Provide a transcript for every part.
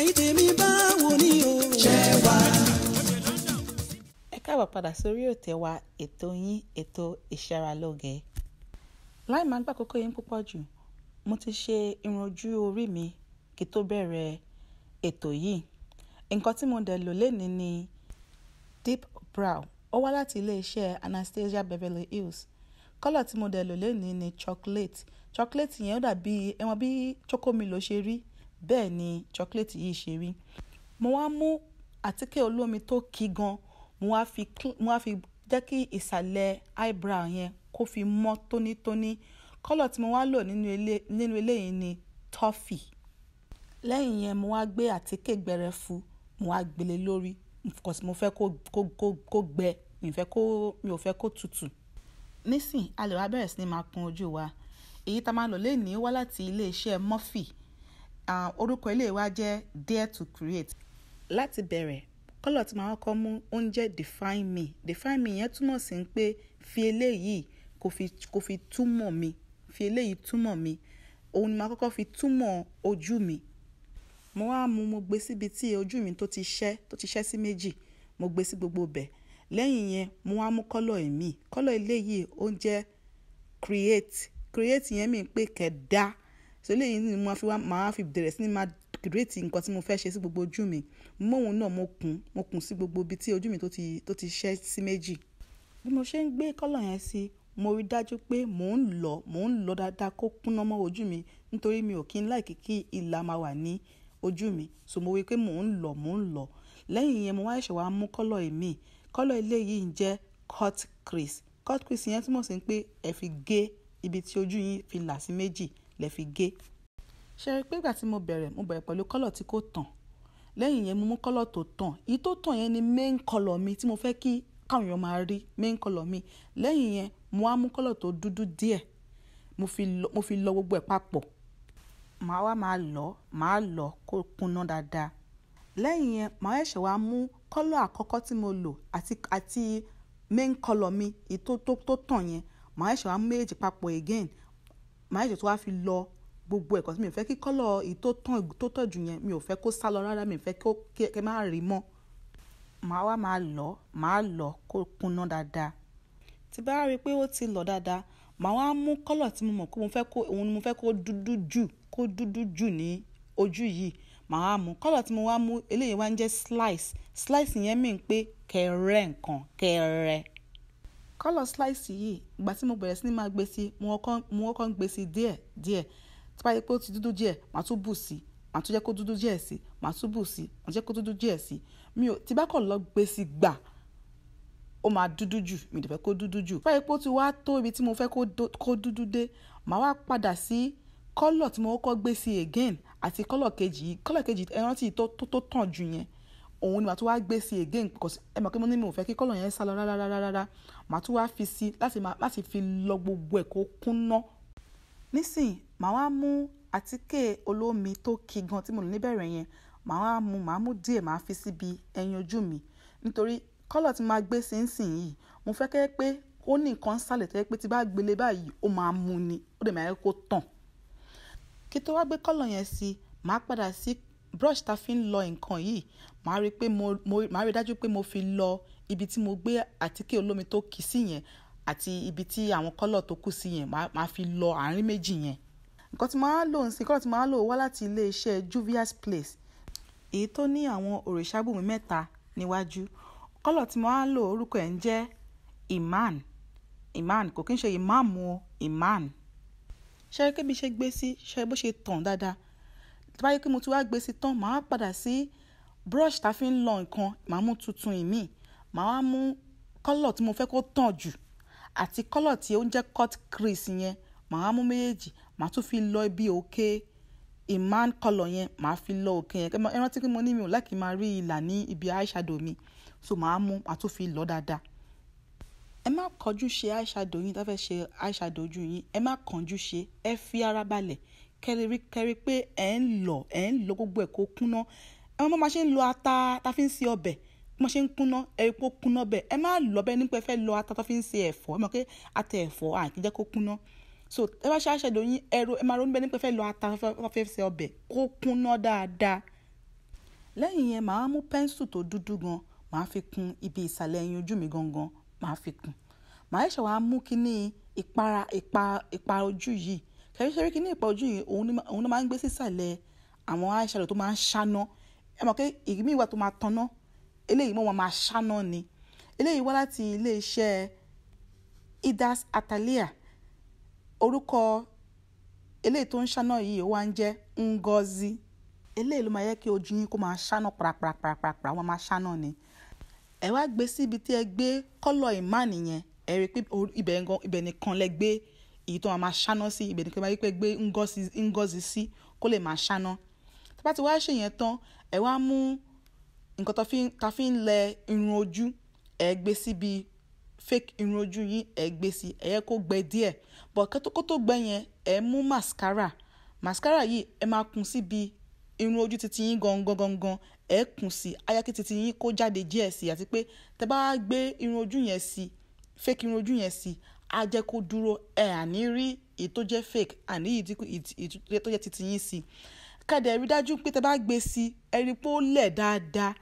ẹ̀yin tèmi báwo ni o. káàbọ̀ padà sórí òtẹ́ wa ètò yín ètò ìṣaralóge. láì máa gbà kókó yín púpọ̀ jù mo ti ṣe irun ojú orí mi kí tó bẹ̀rẹ̀ ètò yìí nǹkan tí mo dẹ̀ lò lénìí ni deep brow ó wá láti iléeṣẹ́ Anastasia Beverly Hills kọ́lọ̀ tí mo dẹ̀ lò lénìí ni chocolate chocolate yẹn ó dàbí ẹ̀wọ̀n bí choco milo ṣe rí bẹ́ẹ̀ ni chocolate yìí ṣe rí mo wá mú àtíkè olómi tó kí gan mo wá fi mo wá fi jẹ́ kí ìsàlẹ̀ eyebrow yẹn kó fi mọ́ tónítóní kọ́lọ̀ tí mo wá lò nínú eléyìí ni toffee lẹ́yìn yẹn mo wá gbé àtíkè gbẹrẹfu mo wá gbélé lórí because mo fẹ́ kó kó kó kó gbẹ mi fẹ́ kó mi ò fẹ́ kó tutù. nísìn a lè bẹ̀rẹ̀ sí ni máa kun ojú wa èyí tá a máa lò lénìí wá láti iléeṣẹ́ Murphy Ah, orúkọ ilé wa jẹ́ dare to create. láti bẹ̀rẹ̀ kọ́lọ̀ tí màá kọ́ mú oúnjẹ define me define me yẹn túmọ̀ sí pé fi eléyìí kò fi kò fi túmọ̀ mi fi eléyìí túmọ̀ mi òun ni màá kọ́kọ́ fi túmọ̀ ojú mi mo wá mú mo gbé síbi tí ojú mi tó ti ṣẹ́ tó ti ṣẹ́ sí méjì mo gbé sí gbogbo bẹ̀ lẹ́yìn yẹn mo wá mú kọ́lọ̀ èmi kọ́lọ̀ eléyìí ó create create yẹn mi pé kẹ̀dá so eléyìí ni mo fi wá máa fi bẹ̀rẹ̀ sí ni máa kìrètì nǹkan tí mo fẹ́ ṣe sí gbogbo ojú mi mọ́hun náà mo kùn mo kùn sí gbogbo ibi tí ojú mi tó ti tó ti ṣẹ́ sí méjì bí mo ṣe ń gbé kọ́lọ̀ yẹn sí mo rí dájú pé mò ń lọ mò ń lọ dáadáa kó kúnná mọ́ ojú mi nítorí mi ò kí ń láìkí kí ìlà máa wà ní ojú mi so mo rí pé mò ń lọ mò ń lọ lẹ́yìn yẹn mo wá ṣẹ̀ṣẹ̀ wá mú kọ́lọ̀ èmi kọ́lọ̀ eléyìí ń jẹ́ cut crease cut crease yẹn túmọ̀ sí pé ẹ fi gé ibi tí ojú yín fi là sí méjì lẹ fi gé ṣe rí i pé ìgbà tí mo bẹ̀rẹ̀ mo bẹ̀rẹ̀ pẹ̀lú kọ́lọ̀ tí kò tàn lẹ́yìn yẹn mo mú kọ́lọ̀ tó tàn èyí tó tàn yẹn ni main kọ́lọ̀ mi tí mo fẹ́ kí káwọn èèyàn máa rí main kọ́lọ̀ mi lẹ́yìn yẹn mo á mú kọ́lọ̀ tó dúdú díẹ̀ mo fi lọ mo fi lọ gbogbo ẹ̀ papọ̀ màá wá máa lọ màá lọ kó kúnná dáadáa lẹ́yìn yẹn màá ẹ̀ṣẹ̀ wá mú kọ́lọ̀ àkọ́kọ́ tí mo lò àti àti main kọ́lọ̀ mi èyí tó tó tàn yẹn màá ẹ̀ṣẹ̀ wá mú méjèèjì papọ̀ again màá ṣètò wá fi lọ gbogbo ẹ̀kọ́ tí mi ò fẹ́ kí kọ́lọ̀ èyí tó tàn tó tàn jù yẹn mi ò fẹ́ kó sálọ rárá mi ò fẹ́ kó kẹ má rí mọ́ màá wá máa lọ màá lọ kó kúnná dáadáa tí bá rí i pé ó ti lọ dáadáa màá wá mú kọ́lọ̀ tí mo mọ̀ kó mo fẹ́ kó òun ni mo fẹ́ kó dúdú jù kó dúdú jù ní ojú yìí màá wá mú kọ́lọ̀ tí mo wá mú eléyìí wá ń jẹ́ slice slice yẹn mìíràn pé kẹrẹ nǹkan kẹrẹ kọ́lọ̀ slice yìí ìgbà tí mo bẹ̀rẹ̀ sí ni máa gbé sí mo kọ́kọ́ ń gbé sí díẹ̀ díẹ̀ tí bá yẹ pé ó ti dúdú díẹ̀ màá tún bù sí màá tún jẹ́ kó dúdú díẹ̀ sí màá tún bù sí màá jẹ́ kó dúdú díẹ̀ sí mi ò tí bá kọ̀ lọ gbé sí gbà ó máa dúdú jù mi ò dẹ̀ fẹ́ kó dúdú jù. báyìí pé ó ti wá tó ibi tí mo fẹ́ kó dúdú dé màá wá padà sí kọ́lọ̀ tí mo kọ́kọ́ gbé sí again àti kọ́lọ̀ kejì kọ́lọ̀ kejì ẹran tí tó tàn jù yẹn òun ni màá tún wá gbé sí again because ẹ mọ̀ pé mo ní mi ò fẹ́ kí kọ́lọ̀ yẹn sá lọ rárá rárá rárá màá tún wá fi sí láti máa láti fi lọ gbogbo ẹ̀ kó kúnná. nísìn màá wá mú àtíkè olómi tó ki gan tí mo lò níbẹ̀rẹ̀ yẹn màá wá mú màá mú díẹ̀ màá fi síbi ẹyin ojú mi nítorí kọ́lọ̀ tí màá gbé sí nsìn yìí mo fẹ́ kẹ́ pé ó ní nǹkan sálẹ̀ tó yẹ pé tí bá gbélé báyìí ó máa mú ni ó dẹ̀ máa yẹ kó tàn kí tó wá gbé kọ́lọ̀ yẹn sí màá padà sí brush ta fi ń lọ nǹkan yìí màá rí pé mo màá rí dájú pé mo fi lọ ibi tí mo gbé àtíkè olómi tó kì sí yẹn àti ibi tí àwọn kọ́lọ̀ tó kù sí yẹn màá fi lọ àárín méjì yẹn nǹkan tí màá lò ń sìn kọ́lọ̀ tí màá lò wá láti iléeṣẹ́ Juvia's Place èyí tó ní àwọn òrìṣàbùnmi mẹ́ta níwájú kọ́lọ̀ tí màá lò orúkọ ẹ̀ ń jẹ́ Iman Iman kò kí ń ṣe ìmáàmù o Iman ṣe é kébí ṣe gbé sí ṣe bó ṣe tàn dáadáa tó bá yẹ pé mo ti wá gbé sí tán màá padà sí brush tá a fi ń lọ nǹkan màá mú tuntun ìmíì màá wá mú kọ́lọ̀ tí mo fẹ́ kó tàn jù àti kọ́lọ̀ tí ó ń jẹ́ cut crease yẹn màá wá mú méjèèjì màá tún fi lọ ibi òkè ìmán kọ́lọ̀ yẹn màá fi lọ òkè yẹn ẹ rántí pé mo ní mi ò láìkí máa rí ìlà ní ibi eyeshadow mi so màá mú màá tún fi lọ dáadáa ẹ má kọjú ṣe eyeshadow yín tá fẹ́ ṣe eyeshadow ojú yín ẹ má kánjú ṣe ẹ fi ara balẹ̀ kẹrí pé ẹ̀ ń lọ ẹ̀ ń lọ gbogbo ẹ̀ kó kúnná ẹ mọ́ máa ṣe ń lọ ata ta fi ń ṣe ọbẹ̀ mo ṣe ń kúná ẹ̀rí pé kúná bẹ́ẹ̀ ẹ má lọ bẹ́ẹ̀ nípa ẹ lọ ata tó fi ń ṣe ẹ̀fọ́ ẹ mọ̀ pé ata ẹ̀fọ́ àìkí jẹ́ kó kúná so ẹ bá ṣe àṣẹdò yín ẹ̀rọ ẹ máa ronú bẹ́ẹ̀ nípa ẹ fẹ́ lọ ata tó fi ń ṣe ọbẹ̀ kó kúná dáadáa. lẹ́yìn yẹn màá mú pẹ́ńsù tó dúdú gan màá fi kún ibi ìsàlẹ̀ ẹyin ojú mi gangan màá fi kún màá ṣe wàá mú kíní ìpara ìpa ojú yìí ṣẹ́rí kí ní ìpa ojú yìí òun ló máa ń gbé sísàlẹ̀ àwọn eyeshadow tó máa ń ṣáná ẹ mọ̀ pé ìgbìmọ̀ ìwà tó máa tanná eléyìí mọ́ wọn máa ṣáná ni eléyìí wá láti iléeṣẹ́ idas atalia orúkọ eléyìí tó ń ṣáná yìí ó wá ń jẹ́ ngozi eléyìí ló máa yẹ kí ojú yín kó máa ṣáná pàràpàràpàràpàrà wọn máa ṣáná ni ẹ wá gbé sí ibi tí ẹ gbé kọ́lọ̀ ìmáànì ẹ rí i pé ibẹ̀ nìkan lẹ gbé èyí tó máa ṣáná sí ibẹ̀ ni kí n bá yí pé gbé ngọ́zi sí kó lè máa ṣáná tó bá ti wá ṣe yẹn tán ẹ wá mú nǹkan ta fi ń lẹ irun ojú ẹ gbé síbi fake irun ojú yín ẹ gbé sí ẹ yẹ kó gbẹ díẹ̀ bọ̀ kó tó gbẹ yẹn ẹ mú mascara mascara yìí ẹ máa kùn síbi irun ojú titi yín gangan gangan ẹ kùn sí ayáké titi yín kó jáde díẹ̀ sí àti pé tẹ bá gbé irun ojú yẹn sí fake irun ojú yẹn sí á jẹ́ kó dúró ẹ àní rí èyí tó jẹ́ fake àní èyí tó jẹ́ titi yín sí kàdé rí dájú pé tẹ bá gbé sí ẹ rí pé ó lẹ̀ dáadáa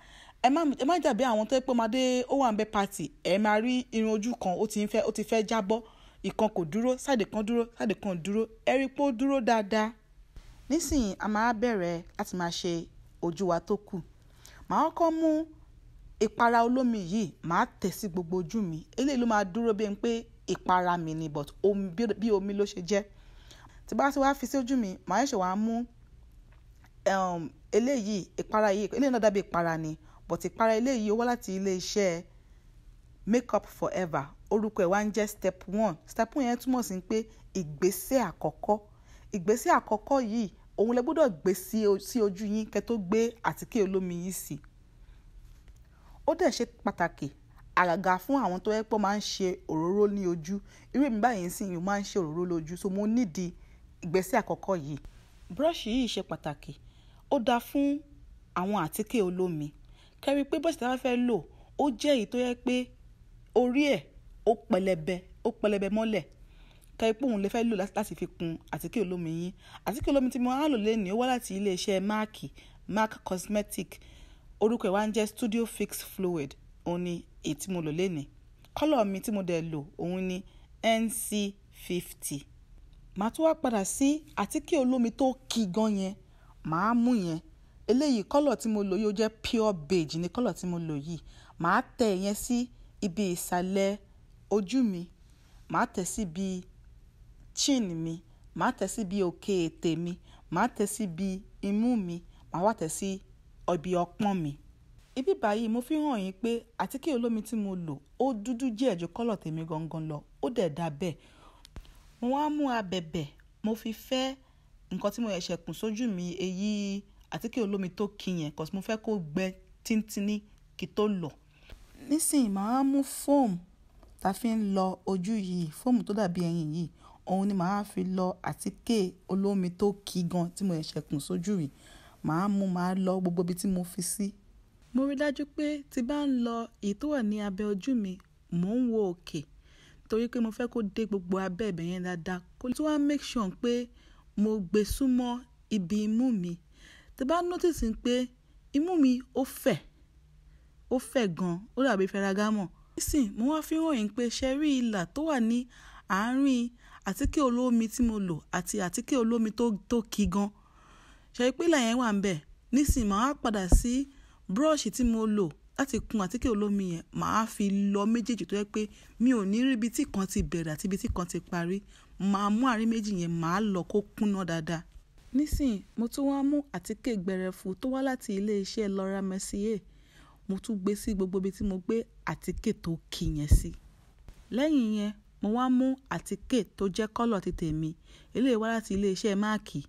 ẹ má jàbí àwọn tó yẹ pé ọmọdé ó wà ń bẹ pàtì ẹ máa rí irun ojú kan ó ti fẹ́ ó ti fẹ́ jábọ́ ìkan kò dúró sáde kan dúró sáde kan dúró ẹ rí pé ó dúró dáadáa nísìnyí a máa bẹ̀rẹ̀ láti máa ṣe ojú wa tó kù màá kọ́ mú ìpara olómi yìí màá tẹ̀ sí gbogbo ojú mi eléyìí ló máa dúró bẹ́ẹ̀ pé ìpara mi ni but bí omi ló ṣe jẹ́ tí bá ti wá fi sí ojú mi màá ṣe wàá mú um, eléyìí ìpara yìí eléyìí náà dàbí ìpara ni but ìpara eléyìí ó wá láti ilé make up forever orúkọ ẹ̀ wá ń jẹ́ step one step one yẹn túmọ̀ sí pé ìgbésẹ̀ àkọ́kọ́ ìgbésẹ̀ àkọ́kọ́ yìí òun lè gbọ́dọ̀ gbé sí ojú yín kẹ́ tó gbé àtíkè olómi yìí sí ó dẹ̀ ṣe pàtàkì àgàgà fún àwọn tó yẹ pé máa ń ṣe òróró ní ojú irú èmi báyìí sì ń máa ń ṣe òróró lójú so mo nídìí ìgbésẹ̀ àkọ́kọ́ yìí. búrọ́ọ̀ṣì yìí ṣe pàtàkì ó dáa fún àwọn àtíkè olómi kẹrí pé bọ́ọ̀sì tá a fẹ́ lò ó jẹ́ èyí tó yẹ pé orí ẹ̀ ó pẹlẹbẹ ó pẹlẹbẹ mọ́lẹ̀ kẹrí pé òun lè fẹ́ lò láti fi kun àtíkè olómi yín àtíkè olómi tí mo á lò lẹ́nu ó wá láti iléeṣẹ́ mark mark cosmetic orúkọ ẹ̀ ń jẹ́ studio fix fluid òun ni èyí tí mo lò lénìí kọ́lọ̀ mi tí mo dẹ̀ lò òun ni NC fifty màá tún wá padà sí àtíkè olómi tó ki gan yẹn màá mú yẹn eléyìí kọ́lọ̀ tí mo lò yìí ó jẹ́ pure beige ní kọ́lọ̀ tí mo lò yìí màá tẹ ìyẹn sí ibi ìsàlẹ̀ ojú mi màá tẹ sí ibi chin mi màá tẹ sí ibi òkè ètè mi màá tẹ sí ibi imú mi màá wá tẹ sí ibi ọpọ́n mi ibi báyìí mo fi hàn yín pé àtíkè olómi tí mo lò ó dúdú díẹ̀ ju kọ́lọ̀ tèmi gangan lọ ó dẹ̀ dà bẹ́ẹ̀ mo wá mú abẹ̀bẹ̀ mo fi fẹ́ nǹkan tí mo ṣẹ̀ṣẹ̀ kùn sójú mi èyí àtíkè olómi tó ki yẹn cos mo fẹ́ kó gbẹ tíntínní kí tó lọ nísìnyí màá mú fóòmù tá a fi ń lọ ojú yìí fóòmù tó dàbí ẹyin yìí òun ni màá fi lọ àtíkè olómi tó ki gan tí mo ṣẹ̀ṣẹ̀ kùn sójú yìí màá mú màá lọ gbogbo ibi tí mo fi sí mo rí dájú pé tí bá ń lọ èyí tó wà ní abẹ́ ojú mi mò ń wo òkè torí pé mo fẹ́ kó dé gbogbo abẹ́ ibẹ̀ yẹn dáadáa kó tó wá make sure pé mo gbé súnmọ́ ibi imú mi tí bá notice pé imú mi ó fẹ̀ ó fẹ̀ gan ó dàbí fẹragámọ̀ nísìn mo wá fi hàn yín pé ṣe rí ìlà tó wà ní àárín àtíkè olómi tí mo lò àti àtíkè olómi tó tó ki gan ṣe pé ìlà yẹn wà ń bẹ̀ nísìn màá padà sí. Si, búrọ́ọ̀ṣì tí mo lò láti kun àtíkè olómi yẹn màá fi lọ méjèèjì tó yẹ pé mi ò ní rí ibi tí kan ti bẹ̀rẹ̀ àti ibi tí kan ti parí màá mú àárín méjì yẹn màá lọ kó kúnná dáadáa. nísìnyí mo tún wá mú àtíkè gbẹrẹfu tó wá láti iléeṣẹ́ Laura Mercier mo tún gbé sí gbogbo ibi tí mo gbé àtíkè tó kì yẹn sí. lẹ́yìn yẹn mo wá mú àtíkè tó jẹ́ kọ́lọ̀ ti tèmi eléyìí wá láti iléeṣẹ́ máàkì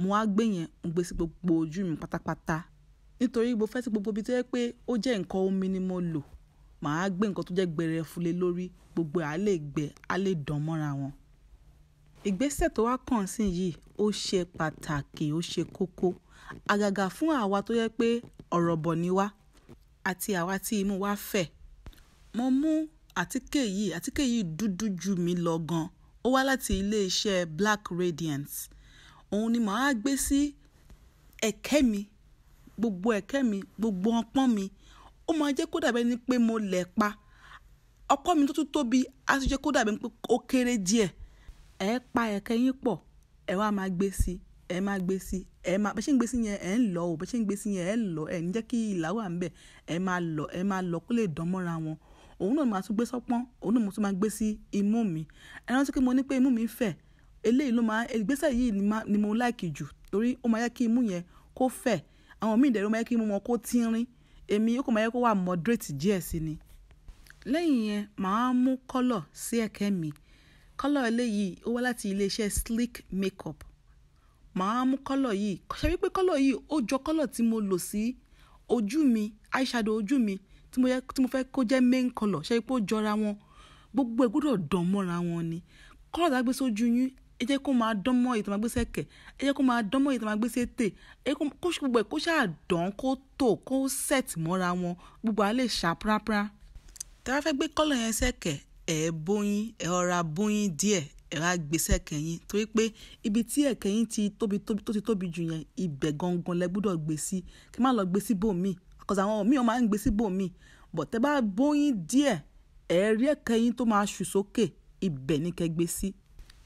mo wá gbé yẹn mo gbé sí gbogbo ojú mi pátápátá nítorí mo fẹ́ sí gbogbo ibi tó yẹ pé ó jẹ́ nǹkan omi ni mo lò màá gbé nǹkan tó jẹ́ gbẹrẹfulé lórí gbogbo à lè gbẹ á lè dán mọ́ra wọn. ìgbésẹ̀ tó wá kàn sí yìí ó ṣe pàtàkì ó ṣe kókó àgàgà fún àwa tó yẹ pé ọ̀rọ̀ bọ̀ ni wá àti àwa tí imú wa fẹ̀. mo mú àtíkè yìí àtíkè yìí dúdú jù mí lọ gan ó wá láti iléeṣẹ́ Black Radiance òun ni màá gbé sí ẹ̀kẹ́ mi gbogbo ẹ̀kẹ́ mi gbogbo ọpọ́n mi ó máa jẹ́ kó dàbẹ́ ni pé mo lẹ̀ pa ọkọ mi tó tún tóbi á sì jẹ́ kó dàbẹ́ ni pé ó kéré díẹ̀ ẹ pa ẹ̀kẹ́ yín pọ̀ ẹ wá máa gbé sí ẹ máa gbé sí ẹ máa bẹ́ẹ̀ ṣe ń gbé sí yẹn ẹ ń lọ ò bẹ́ẹ̀ ṣe ń gbé sí yẹn ẹ ń lọ ẹ ní jẹ́ kí ìlà wà ń bẹ̀ ẹ máa lọ ẹ máa lọ kó lè dán mọ́ra wọn òun náà máa tún gbé sọ́pọ́n òun náà tún máa gbé sí imú mi ẹ rántí pé mo ní pé imú mi fẹ̀ eléyìí ló máa ìgbésẹ̀ yìí ni mo láìkì jù torí ó máa yẹ kí imú yẹn kó fẹ̀ àwọn míì dẹ̀rọ máa yẹ kí mú wọn kó tínrín èmi yóò kó máa yẹ kó wà moderate díẹ̀ sí ni. lẹ́yìn yẹn màá mú kọ́lọ̀ sí ẹ̀kẹ́ mi kọ́lọ̀ eléyìí ó wá láti iléeṣẹ́ slick makeup màá mú kọ́lọ̀ yìí ṣe wípé kọ́lọ̀ yìí ó jọ kọ́lọ̀ tí mo lò sí ojú mi eyeshadow ojú mi tí mo fẹ́ kó jẹ́ main colour ṣe wípé ó jọra wọn gbogbo ẹ̀ gbọ́dọ̀ dán mọ́ra wọn ni kọ́lọ̀ tá a sójú yín ẹ jẹ́ kó máa dán mọ́ ìtàn máa gbé sẹ́kẹ̀ ẹ jẹ́ kó máa dán mọ́ ìtàn máa gbé sẹ́tẹ̀ ẹ kó gbogbo ẹ̀ kó ṣáà dán kó tò kó set mọ́ra wọn gbogbo àá lè ṣá prápra. tẹ́ bá fẹ́ gbé kọ́lọ̀ yẹn sẹ́kẹ̀ ẹ̀ bóyin ẹ̀ ọ̀ra bóyin díẹ̀ ẹ̀ wá gbé sẹ́kẹ̀ yín torí pé ibi tí ẹ̀kẹ́ yín ti tóbi tóbi tó ti tóbi jù yẹn ibẹ̀ gangan lẹ gbúdọ̀ gbé sí kí má lọ gbé sí bòmíì àkọsà àwọn míì máa ń gbé sí bòmíì bọ̀ tẹ́ bá bóyin díẹ̀ ẹ̀ rí ẹ̀kẹ́ tó máa ṣù sókè ibẹ̀ ní kẹ́ gbé sí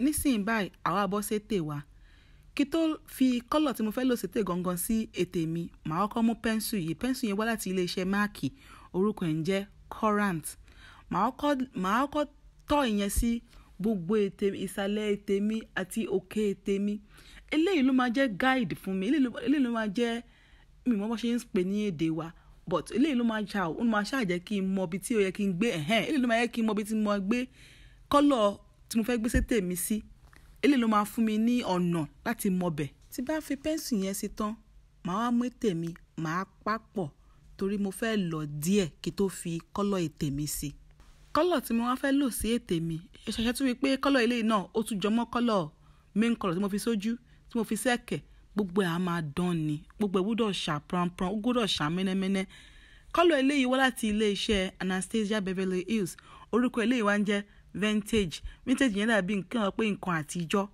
nísìnyí báyìí àwa bọ́ sétè wa kí tó fi kọ́lọ̀ tí mo fẹ́ lò sétè gangan sí ètè mi màá kọ́kọ́ mú pẹ́ńsù yìí pẹ́ńsù yẹn wá láti iléeṣẹ́ máàkì orúkọ ẹ̀ ń jẹ́ Courant màá kọ́kọ́ tọ́ ìyẹn sí gbogbo ètè ìsàlẹ̀ ètè mi àti òkè ètè mi eléyìí ló máa jẹ́ guide fún mi eléyìí ló máa jẹ́ mi mọ́ bó ṣe ń pè ní èdè wa but eléyìí ló máa ṣá ó máa ṣáà jẹ́ kí n mọ ibi tí ó yẹ kí n gbé ẹ̀hẹ́n eléyìí ló máa yẹ kí n mọ ibi tí mo gbé kọ́lọ̀ tí mo fẹ́ gbé sétè mi sí eléyìí ló máa fún mi ní ọ̀nà láti mọbẹ̀ tí bá fi pẹ́ńsù yẹn sí tán màá wá mú ètè mi màá papọ̀ torí mo fẹ́ lọ díẹ̀ kí tó fi kọ́lọ̀ ètè mi sí kọ́lọ̀ tí mo wá fẹ́ lò sí ètè mi ṣẹ̀ṣẹ̀ tún wí pé kọ́lọ̀ eléyìí náà ó tún jọmọ́ kọ́lọ̀ main kọ́lọ̀ tí mo fi sójú tí mo fi sẹ́kẹ̀ gbogbo ẹ̀ á máa dán ni gbogbo ẹ̀ gbúdọ̀ ṣà pranpran ó gbúdọ̀ ṣà mẹ́nẹ́mẹ́nẹ́ kọ́lọ̀ eléyìí wá láti ilé iṣẹ́ Anastasia Beverly Hills orúkọ eléyìí wá ń jẹ́ vintage vintage yẹn dàbí nǹkan pé nǹkan àtijọ́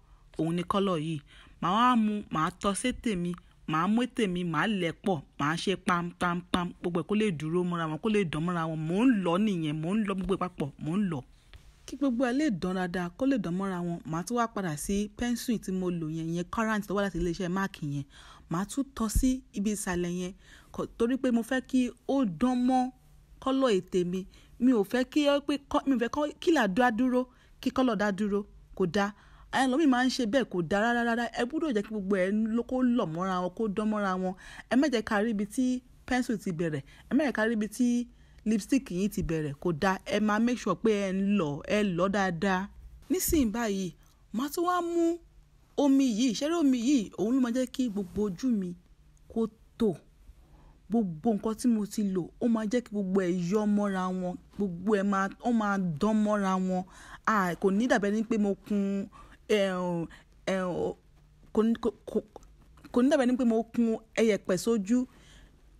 òun ni kọ́lọ̀ yìí màá wá mu màá tọ́ sí tèmi màá mú tèmi màá lẹ̀ pọ̀ màá ṣe pampampam gbogbo ẹ̀ kó lè dúró mọ́ra wọn kó lè dán mọ́ra wọn mò ń lọ nìyẹn mò ń lọ gbogbo ẹ̀ mò ń lọ. kí gbogbo ẹ̀ lè dán dáadáa kó lè dán mọ́ra wọn màá tún wá padà sí pẹ́ńsù tí mo lò yẹn yẹn current tó wá láti iléeṣẹ́ máàkì yẹn màá tún tọ́ sí ibi ìsàlẹ̀ yẹn torí pé mo fẹ́ kí ó dán mọ́ kọ́lọ̀ ètè mi mi ò fẹ́ kí pé mi ò fẹ́ kí là dá dúró kí kọ́lọ̀ dá dúró kò dáa àwọn ẹlòmíì máa ń ṣe bẹ́ẹ̀ kò dáa rárá rárá ẹ gbúdọ̀ jẹ́ kí gbogbo ẹ̀ kó lọ̀ mọ́ra wọn kó dán mọ́ra wọn ẹ má jẹ́ ká rí ibi tí pẹ́ńsù ti bẹ̀rẹ̀ ẹ má jẹ́ ká rí ibi tí lipstick yìí ti bẹ̀rẹ̀ kò dáa ẹ máa make sure pé ẹ ń lọ ẹ lọ dáadáa nísìnyí báyìí màá tún wá mú omi yìí ṣẹ́rí omi yìí òun ló máa jẹ́ kí gbogbo ojú mi kó tò gbogbo nǹkan tí mo ti lò ó máa jẹ́ kí gbogbo ẹ̀ yọ mọ́ra wọn gbogbo ẹ̀ máa ó máa dán mọ́ra wọn kò ní dàbí ẹni pé mo kun kò ní dàbí ẹni pé mo kun ẹyẹ̀pẹ̀ sójú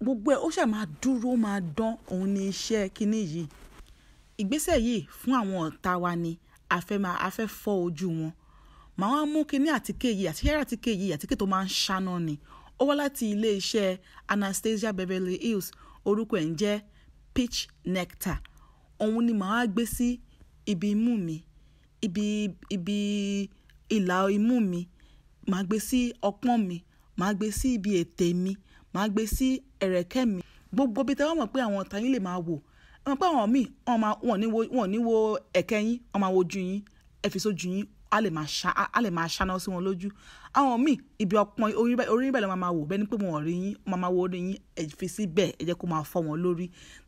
gbogbo ẹ̀ ó ṣáà máa dúró máa dán òun ní iṣẹ́ kínní yìí ìgbésẹ̀ yìí fún àwọn ọ̀tá wa ni afẹ́ máa afẹ́ fọ́ ojú wọn màá wá mú kínní àtíkè yìí àtíkè àtíkè yìí àtíkè tó máa ń ṣáná ni ó wá láti ilé Anastasia Beverly Hills orúkọ ẹ̀ ń jẹ́ Peach Nectar òun ni màá gbé sí ibi imú mi ibi ibi ìlà imú mi màá gbé sí ọpọ́n mi màá gbé sí ibi ètè mi màá gbé sí ẹ̀rẹ̀kẹ́ mi gbogbo bí tẹ́wọ́n mọ̀ pé àwọn ọ̀tá yín lè máa wò ẹ mọ̀ pé àwọn wọ́n ní wo ẹ̀kẹ́ yín wọ́n máa wojú yín ẹ yín a lè máa ṣáná sí wọn lójú àwọn míì ibi ọpọn orí níbẹ̀ ló máa wò bẹ́ẹ̀ ni pé wọn ò rí yín wọn máa wo orí yín ẹ fi síbẹ̀ ẹ jẹ́ kó máa fọ́ wọn lórí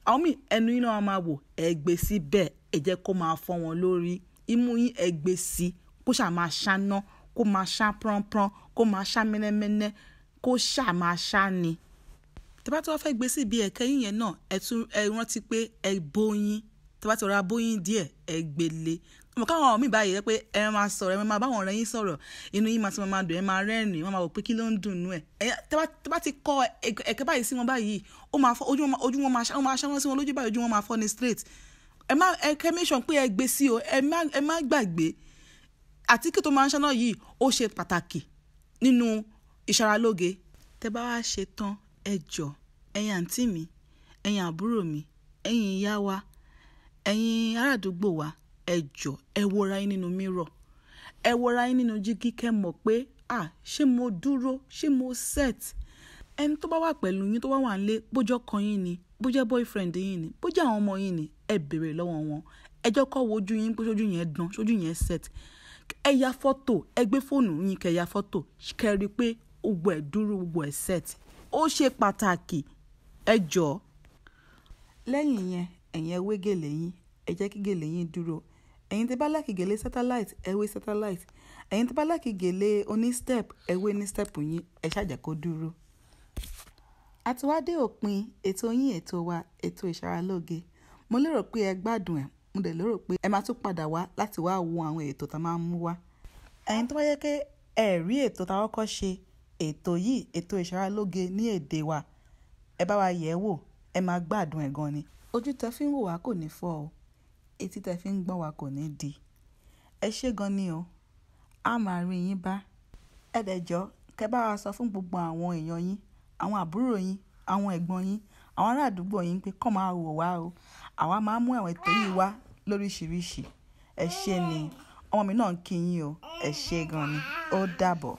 àwọn míì ẹnu yín náà máa wò ẹ gbé síbẹ̀ ẹ jẹ́ kó máa fọ́ wọn lórí imú yín ẹ gbé sí kó ṣáà máa ṣáná kó máa ṣá pọ́npọ́n kó máa ṣá mẹ́nẹ́mẹ́nẹ́ kó ṣáà máa ṣá ni. tẹ́ tí wọ́n fẹ́ gbé síbi ẹ̀kẹ́ mo káwọn míì báyìí rẹ pé ẹ máa sọ̀rọ̀ ẹ máa báwọn ọ̀rẹ́ yín sọ̀rọ̀ inú yín máa ti máa dùn ẹ máa rẹ́rìn wọ́n máa wò pé kí ló ń dùn nú ẹ̀ tẹ́ bá ti kọ́ ẹ̀kẹ́ báyìí sí wọn báyìí ó máa fọ́ ojú wọn máa ṣáwọn sí wọn lójú báyìí ojú wọn máa fọ́ ni straight ẹ má ẹ kẹ́ mẹ́sàn pé ẹ gbé sí o ẹ má gbàgbé àtíkè tó máa ń ṣáná yìí ó ṣe pàtàkì nínú ìṣaralóge tẹ́ bá wá ṣe tán ẹ jọ ẹ̀yin àǹtí mi ẹ̀yin àbúrò mi ẹ̀yin ìyá wa ẹ̀yin arádùúgbò wa ẹ jọ ẹ wọra yín nínú mírọ̀ ẹ wọra yín nínú jígí kẹ́ mọ̀ pé ah ṣé mo dúró ṣé mo set ẹni tó bá wà pẹ̀lú yín tó wá wà nílé bójọ́ kan yín ni bójẹ́ boyfriend yín ni bójẹ́ àwọn ọmọ yín ni ẹ béèrè lọ́wọ́ wọn ẹjọ́ kọ́ wo ojú yín pé sójú yẹn dán sójú yẹn set ẹ ya fọ́tò ẹ gbé fóònù yín kẹ́ ya fọ́tò kẹ́ rí i pé gbogbo ẹ̀ dúró gbogbo ẹ̀ set ó ṣe pàtàkì ẹ jọ̀ọ́ lẹ́yìn yẹn ẹ̀yin ẹ wé gèlè yín ẹ jẹ́ kí gèlè yín dúró ẹ̀yin tí bá láìkì satellite ẹ wé satellite ẹ̀yin tí bá láìkì gèlè step ẹ wé ní step yín ẹ ṣàjà kó dúró. a ti wá dé òpin ètò yín ètò wa ètò ìṣaralóge mo lérò pé ẹ gbádùn ẹ̀ mo dẹ̀ lérò pé ẹ máa tún padà wá láti wá wo àwọn ètò tá a máa mú wá. ẹ̀yin tó bá yẹ kí ẹ rí ètò tá a kọ́kọ́ ṣe ètò yìí ètò ìṣaralóge ní èdè wa ẹ bá wa yẹ̀ ẹ́ wò ẹ máa gbádùn ẹ̀ gan ni ojú tẹ fi ń wò wá kò ní fọ́ o etí tẹ́ fi ń gbọ́n wa kò ní di ẹ ṣé gan ni o a máa rí yín bá ẹ dẹ̀ jọ kẹ́ bá wa sọ fún gbogbo àwọn èèyàn yín àwọn àbúrò yín àwọn ẹ̀gbọ́n yín àwọn ará àdúgbò yín pé kàn máa wò wá o àwa máa mú àwọn ètò yìí wá lóríṣiríṣi ẹ ṣé ni ọmọ mi náà ń kí yín o ẹ ṣé gan ni ó dàbọ̀.